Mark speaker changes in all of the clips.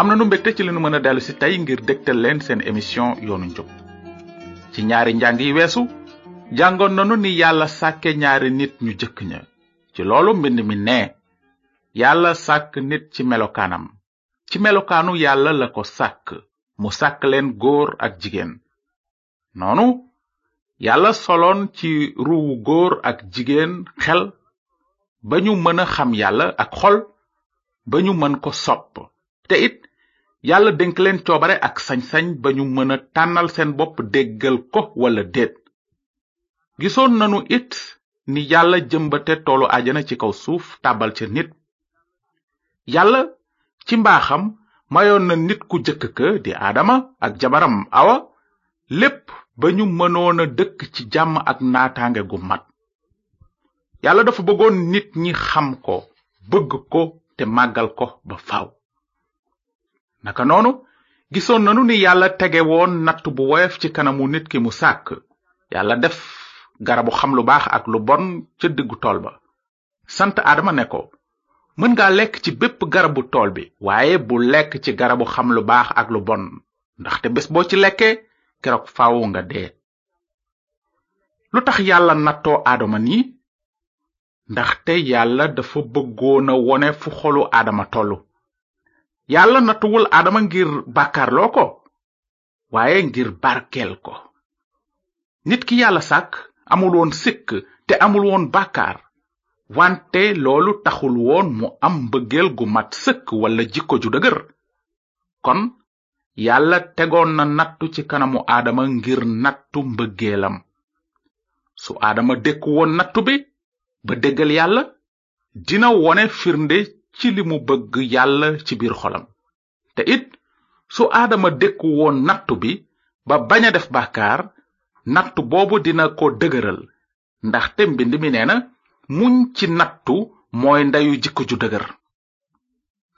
Speaker 1: amna nu mbekté ci li mëna mën ci tay ngir dégtal leen seen émission yoonu njub ci ñaari njàng yi wessu jangon nanu ni yalla sàkke ñaari nit ñu jëk ña ci loolu mbind mi ne yalla sak nit ci melokanam ci melokanu yalla la ko sak mu sak leen góor ak jigéen noonu yalla solon ci ruwu góor ak jigéen xel ba ñu mën xam yalla ak xol ba mën ko sopp te it yàlla dénk leen coobare ak sañ-sañ ba ñu mën a tànnal seen bopp déggal ko walla déet gisoon nanu it ni yàlla jëmbate toolu ajana ci kaw suuf tàbbal ca nit yàlla ci mbaaxam mayoon na nit ku jëkk ka di aadama ak jabaram awa lépp ba ñu mënoon a dëkk ci jàmm ak naataange gu mat yàlla dafa bëggoon nit ñi xam ko bëgg ko te màggal ko ba faaw naka noonu gisoon nanu ni yàlla tege woon natt bu woyof ci kanamu nit ki mu sàkk yàlla def garabu xam lu baax ak lu bon ca diggu tool ba sant aadama ne ko mën nga lekk ci bépp garabu tool bi waaye bu lekk ci garabu xam lu baax ak lu bon ndaxte bés boo ci lekkee keroog faawu nga dee lu tax yàlla nattoo aadama nii ndaxte yàlla dafa bëggoon a wone fu xolu aadama tollu yàlla natuwul adama ngir bàkkaarloo ko waaye ngir barkeel ko nit ki yàlla sàkk amul woon sikk te amul woon bàkkaar wante loolu taxul woon mu am mbëggeel gu mat sëkk wala jikko ju dëgër kon yàlla tegoon na nattu ci kanamu aadama ngir nattu mbëggeelam su aadama dékku woon nattu bi ba déggal yàlla dina wone firnde ci li mu bëgg yàlla ci biir xolam te it su aadama dékku woon nattu bi ba bañ a def bàkkaar nattu boobu dina ko dëgëral ndaxte mbind mi nee na muñ ci nattu mooy ndeyu jikko ju dëgër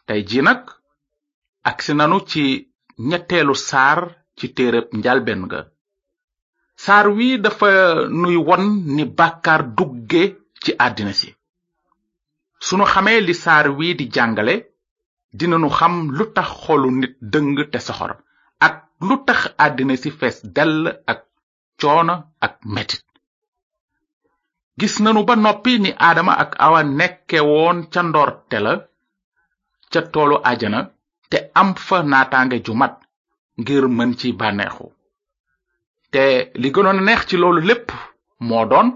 Speaker 1: tey ji nag agsi nanu ci ñetteelu saar ci téereb njalben ga saar wi dafa nuy won ni bàkkaar dugge ci àddina si sunu xamee li saar wii di jàngale dinanu xam lu tax xolu nit dëng te soxor ak lu tax àddina si fees dell ak coona ak metit gis nanu ba noppi ni aadama ak awa nekkewoon ca ndoorte la ca toolu ajana te am fa naataange ju mat ngir mën ci bànneexu te li gënoon a neex ci loolu lépp moo doon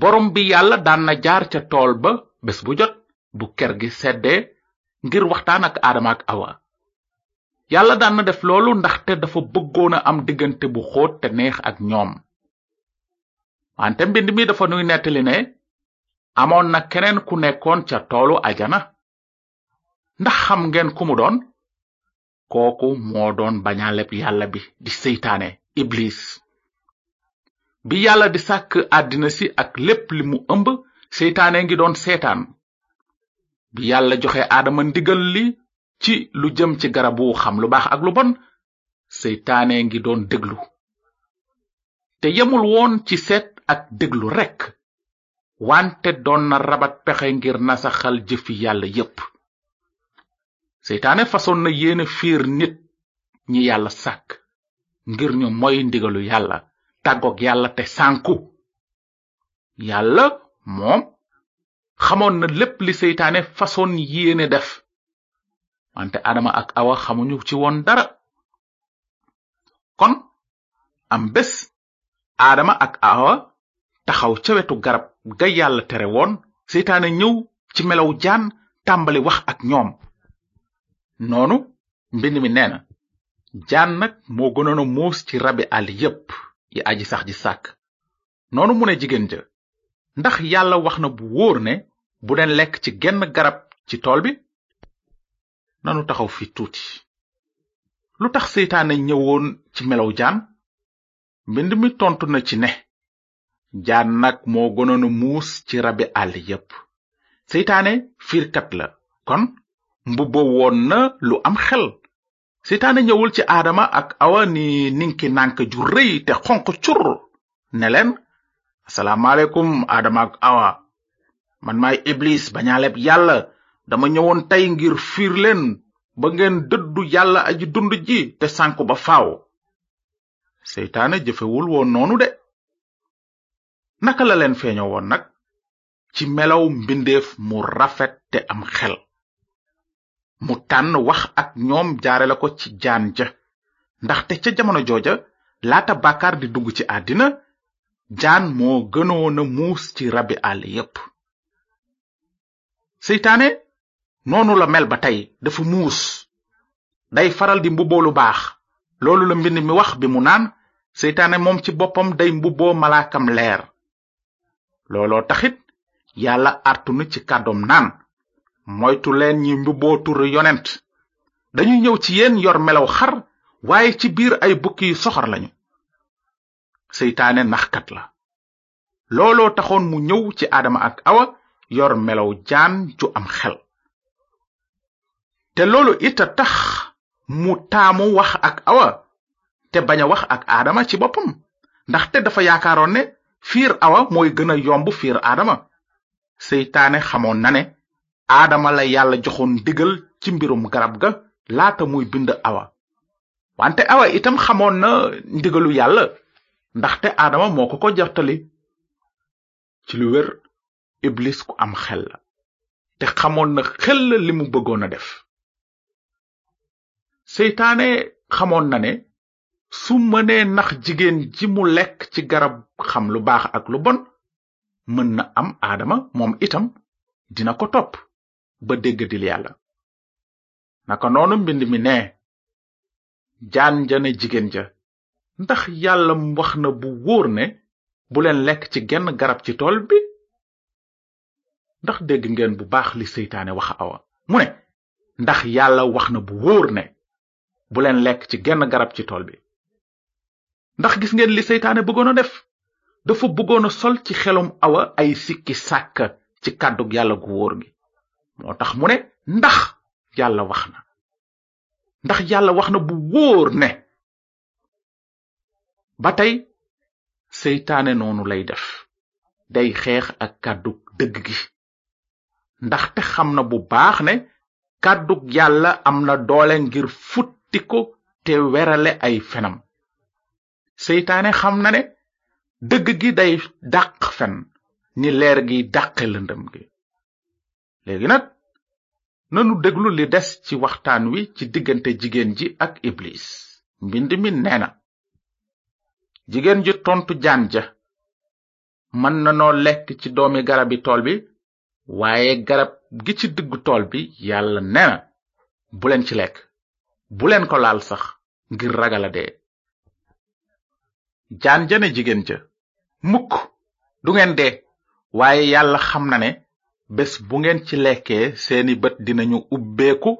Speaker 1: borom bi yàlla daan na jaar ca tool ba bés bu jot bu ker gi seddee ngir waxtaan ak aadama awa yàlla daan na def loolu ndax te dafa bëggoon a am diggante bu xóot te neex ak ñoom wante mbind mi dafa nuy nettali ne amoon na keneen ku nekkoon ca toolu ajana ndax xam ngeen ku mu doon kooku moo doon bañaaleb yàlla bi di seytaane iblis bi yàlla di sàkk àddina si ak lépp li mu ëmb seytaane ngi doon seetaan bi yàlla joxe aadama ndigal li ci lu jëm ci garabu xam lu baax ak lu bon seytaane ngi doon déglu te yemul woon ci seet ak déglu rekk wante doon na rabat pexe ngir nasaxal jëfi yàlla yépp seytaane fasoon na yéene fiir nit ñi yàlla sàkk ngir ñu moy ndigalu yàlla tàggoog yàlla te sànku yàlla moom xamoon na lépp li seytaane façon yéene def wante adama ak awa xamuñu ci woon dara kon am bés adama ak awa taxaw ca wetu garab ga yàlla tere woon seytaane ñëw ci melow jaan tàmbali wax ak ñoom noonu mbind mi neena na jaan nag moo gënoon a muus ci rabi àll yépp yi aji sax ji sàkk noonu mu ne jigéen ndax yàlla wax na bu wóor ne bu leen lekk ci genn garab ci tool bi nanu taxaw fi tuuti lu tax seytaane ñëwoon ci melow jaan mbind mi tontu na ci ne jaan nag moo gënoon a muus ci rabi àll yépp seytaane fiirkat la kon mbubboo woon na lu am xel seytaane ñëwul ci aadama ak awa ni ninki nànk ju rëy te xonq cur ne leen asalaamaaleykum aadama ak awa man maay iblis bañaaleb yàlla dama ñëwoon tey ngir fiir leen ba ngeen dëddu yàlla aji dund ji te sànku ba faaw seytaane jëfewul woon noonu de naka la leen feeño woon nag ci melaw mbindeef mu rafet te am xel mu tànn wax ak ñoom jaare la ko ci jaan ja ndaxte ca jamono jooja laata bàkkaar di dugg ci àddina jaan moo gënoon muus ci rabi àll yépp seytaane noonu la mel ba tey dafa muus day faral di mbubboo lu baax loolu la mbind mi wax bi mu naan seytaane moom ci boppam day mbubboo malaakam leer looloo taxit yàlla artunu ci kàddoom naan moytu leen ñi mbubboo turu yonent dañuy ñëw ci yéen yor melaw xar waaye ci biir ay bukki soxor lañu seytaane naxkat la looloo taxoon mu ñëw ci aadama ak awa yor melaw jaan ju am xel te loolu it a tax mu taamu wax ak awa te bañ a wax ak aadama ci boppam ndaxte dafa yaakaaroon ne fiir awa mooy gën a yomb fiir aadama seytaane xamoon na ne aadama la yàlla joxoon digal ci mbirum garab ga laata muy bind awa wante awa itam xamoon na ndigalu yàlla ndaxte aadama moo ko ko jartali ci lu wér iblis ku am xel te xamoon na xel la li mu bëggoon a def seytaane xamoon na ne su mënee nax jigéen ji mu lekk ci garab xam lu baax ak lu bon mën na am aadama moom itam dina ko topp ba déggadil yàlla naka noonu mbind mi ne jaan ja ne jigéen ja ndax yàlla wax na bu wóor ne bu leen lekk ci genn garab ci tool bi ndax dégg ngeen bu baax li seytaane wax awa mu ne ndax yàlla wax na bu wóor ne bu leen lekk ci genn garab ci tool bi ndax gis ngeen li seytaane bëggoon a def dafa bëggoon a sol ci xelum awa ay sikki sàkka ci kàddug yàlla gu wóor gi moo tax mu ne ndax yàlla wax na ndax yàlla wax na bu wóor ne ba tey seytaane noonu lay def day xeex ak kàddug dëgg gi ndaxte xam na bu baax ne kàddug yàlla am na doole ngir futti ko te werale ay fenam seytaane xam na ne dëgg gi day dàq fen ni leer gi dàqe lëndëm gi léegi nag nanu déglu li des ci waxtaan wi ci diggante jigéen ji ak iblis mbind mi nee na jigéen ji tontu jaan ja mën nanoo lekk ci doomi garabi tool bi waaye garab gi ci diggu tool bi yàlla nee na buleen ci lekk bu leen ko laal sax ngir ragala dee jaan ja ne jigéen ja mukk du ngeen dee waaye yàlla xam na ne bés bu ngeen ci lekkee seeni bët dinañu ubbeeku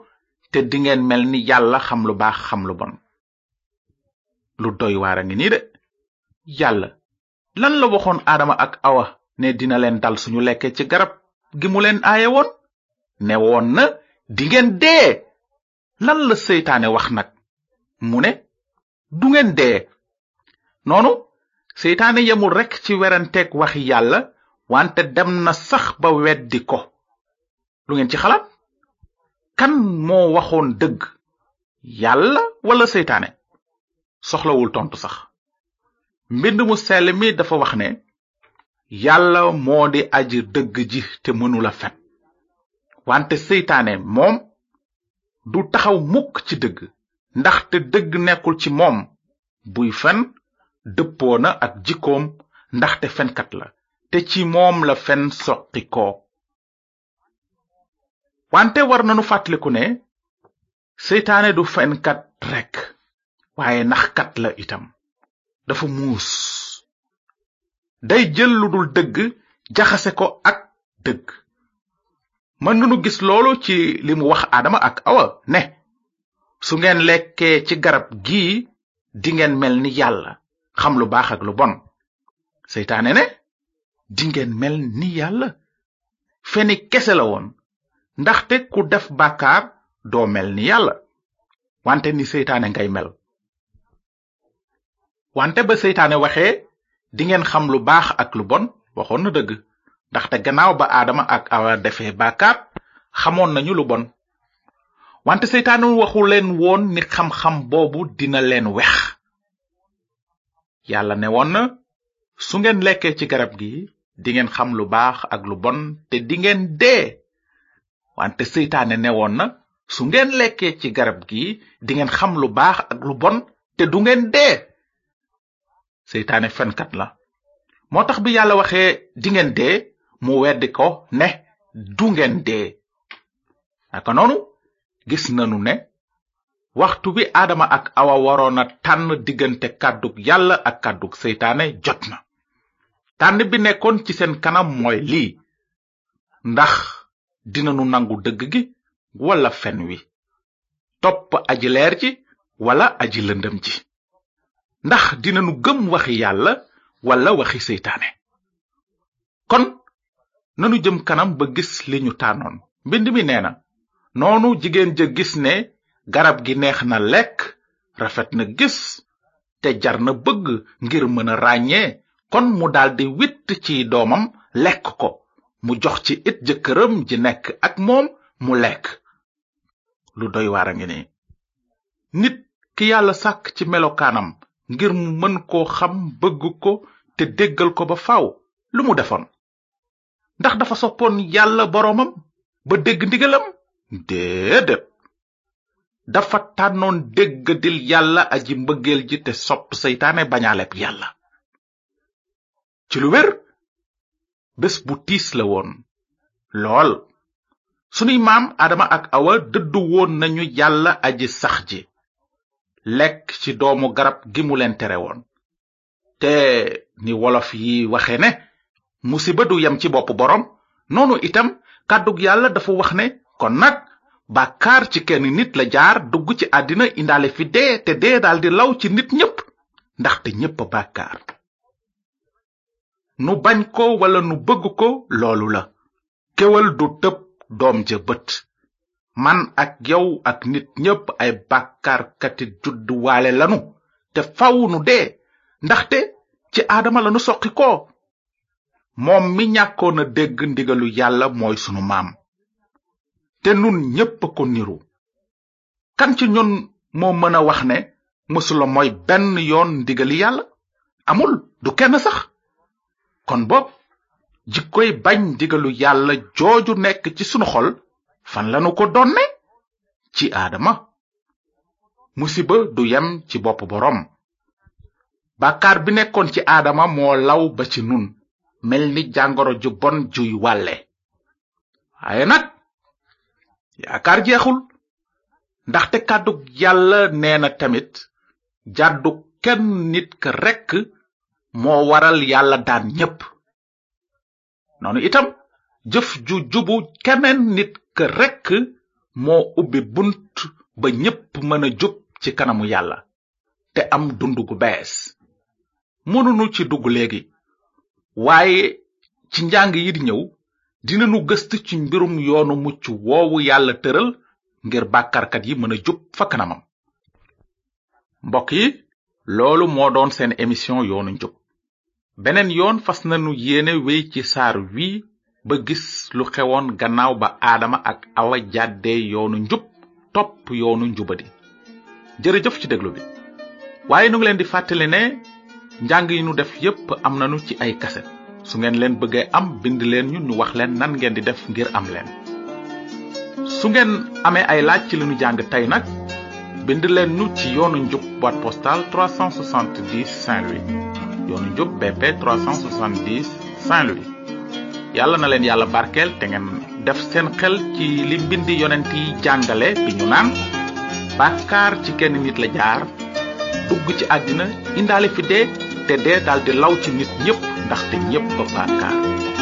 Speaker 1: te dingeen mel ni yàlla xam lu baax xam lu bon lu doy waar ngi nii de yàlla lan la waxoon aadama ak awa ne dina leen dal suñu lekkee ci garab gi mu leen aaye woon ne woon na di ngeen dee lan la seytaane wax nag mu ne du ngeen dee noonu seytaane yamul rekk ci weranteeg waxi yàlla wante dem na sax ba weddi ko lu ngeen ci xalaat kan moo waxoon dëgg yàlla walla seytaane soxlawul tontu sax mbind mu seele mi dafa wax ne yàlla moo di aji dëgg ji te mënula fen wante seytaane moom du taxaw mukk ci dëgg ndaxte dëgg nekkul ci moom buy fen dëppoo na ak jikkoom ndaxte fenkat la te ci moom la fen soqi wante war nanu fàttaliku ne seytaane du fenkat rekk waaye naxkat la itam dafa muus day jël lu dul dëgg jaxase ko ak dëgg mën lolo gis loolu ci li wax aadama ak awa ne su ngeen lekkee ci garab gii di ngeen mel ni yàlla xam lu baax ak lu bon seytaane ne di ngeen mel ni yàlla feni kese la woon ndaxte ku def bàkkaar doo mel ni yàlla wante ni seytaane ngay mel wante ba seytaane waxee dingeen xam lu baax ak lu bon waxoon na dëgg ndaxte gannaaw ba aadama ak awa defee baakaar xamoon nañu lu bon wante seytaane waxu leen woon ni xam-xam boobu dina leen wex yàlla ne woon na su ngeen lekkee ci garab gi dingeen xam lu baax ak lu bon te dingeen dee wante seytaane ne woon na su ngeen lekkee ci garab gi dingeen xam lu baax ak lu bon te du ngeen dee seytaane fenkat la moo tax bi yàlla waxee di ngeen dee mu wedd ko ne du ngeen dee aka noonu gis nanu ne waxtu bi aadama ak awa waroon tànn diggante kàddug yàlla ak kàddug seytaane jot na tànn bi nekkoon ci seen kanam mooy lii ndax dinanu nangu dëgg gi wala fen wi topp aji leer ji wala aji lëndëm ji ndax dinanu gëm waxi yàlla walla waxi seytaane kon nanu jëm kanam ba gis li ñu tànnoon mbind mi nee na noonu jigéen ja gis ne garab gi neex na lekk rafet na gis te jar na bëgg ngir mëna a ràññee kon mu daldi witt ci doomam lekk ko mu jox ci it jëkkëram ji nekk ak moom mu lekk lu doy waar ngi ni nit ki yàlla sàkk ci melokaanam ngir mu mën koo xam bëgg ko te déggal ko ba faw lu mu defoon ndax dafa soppoon yàlla boroomam ba dégg ndigalam déedéet dafa tànnoon déggadil yàlla aji mbëggeel ji te sopp seytaane bañaaleb yàlla ci lu wér bés bu tiis la woon lool sunuy maam adama ak awa dëddu woon nañu yàlla aji sax ji lekk ci doomu garab gi mu leen tere woon te ni wolof yi waxe ne musiba du yem ci bopp boroom noonu itam kàddug yàlla dafa wax ne kon nag bàkkaar ci kenn nit la jaar dugg ci àddina indaale fi dee te dee daldi law ci nit ñépp ndaxte ñépp bàkkaar nu bañ ko wala nu bëgg ko loolu la kéwal du tëb doom ja bët man ak yow ak nit ñépp ay bàkkaarkati judduwaale lanu te faw nu dee ndaxte ci aadama lanu soqi ko moom mi ñàkkoon a dégg ndigalu yàlla mooy sunu maam te nun ñépp ko niru kan ci ñun moo mën a wax ne mësula mooy benn yoon ndigali yàlla amul du kenn sax kon boog jikkoy bañ ndigalu yàlla jooju nekk ci sunu xol fan lanu ko donne ci aadama musiba du yam ci bopp borom bakkar bi nekkoon ci aadama moo law ba ci nun mel ni jàngoro ju bon juy wàlle waaye nag yaakaar jeexul ndaxte kàddug yàlla nee na tamit jàddu kenn nit ka rekk moo waral yàlla daan ñépp noonu itam jëf ju jubu keneen nit rekk moo ubbi bunt ba ñépp mën a jub ci kanamu yàlla te am dund gu bees mënunu ci dugg léegi waaye ci njàng yi di ñëw dinanu gëst ci mbirum yoonu mucc woowu yàlla tëral ngir bàkkaarkat yi mën a jub fa kanamam mbokk yi loolu moo doon seen émission yoonu njub beneen yoon fas nanu wéy ci saar wi ba gis lu xewoon gannaaw ba aadama ak awa jàddee yoonu njub topp yoonu njubadi jërëjëf ci déglu bi waaye nu ngi leen di fàttali ne njàng yi nu def yépp am nanu ci ay kaset su ngeen leen bëggee am bind leen ñu ñu wax leen nan ngeen di def ngir am leen su ngeen amee ay laaj ci li nu jàng tey nag bind leen nu ci yoonu njub boîte postale 370 Saint Louis yoonu njub BP 370 Saint Louis yalla na len yalla barkel te ngeen def seen xel ci li bindi yonenti jangale bi ñu naan bakkar ci kenn nit la jaar dugg ci àddina indaale fi dee te dee daal di law ci nit ñëpp te ñëpp ba bakkar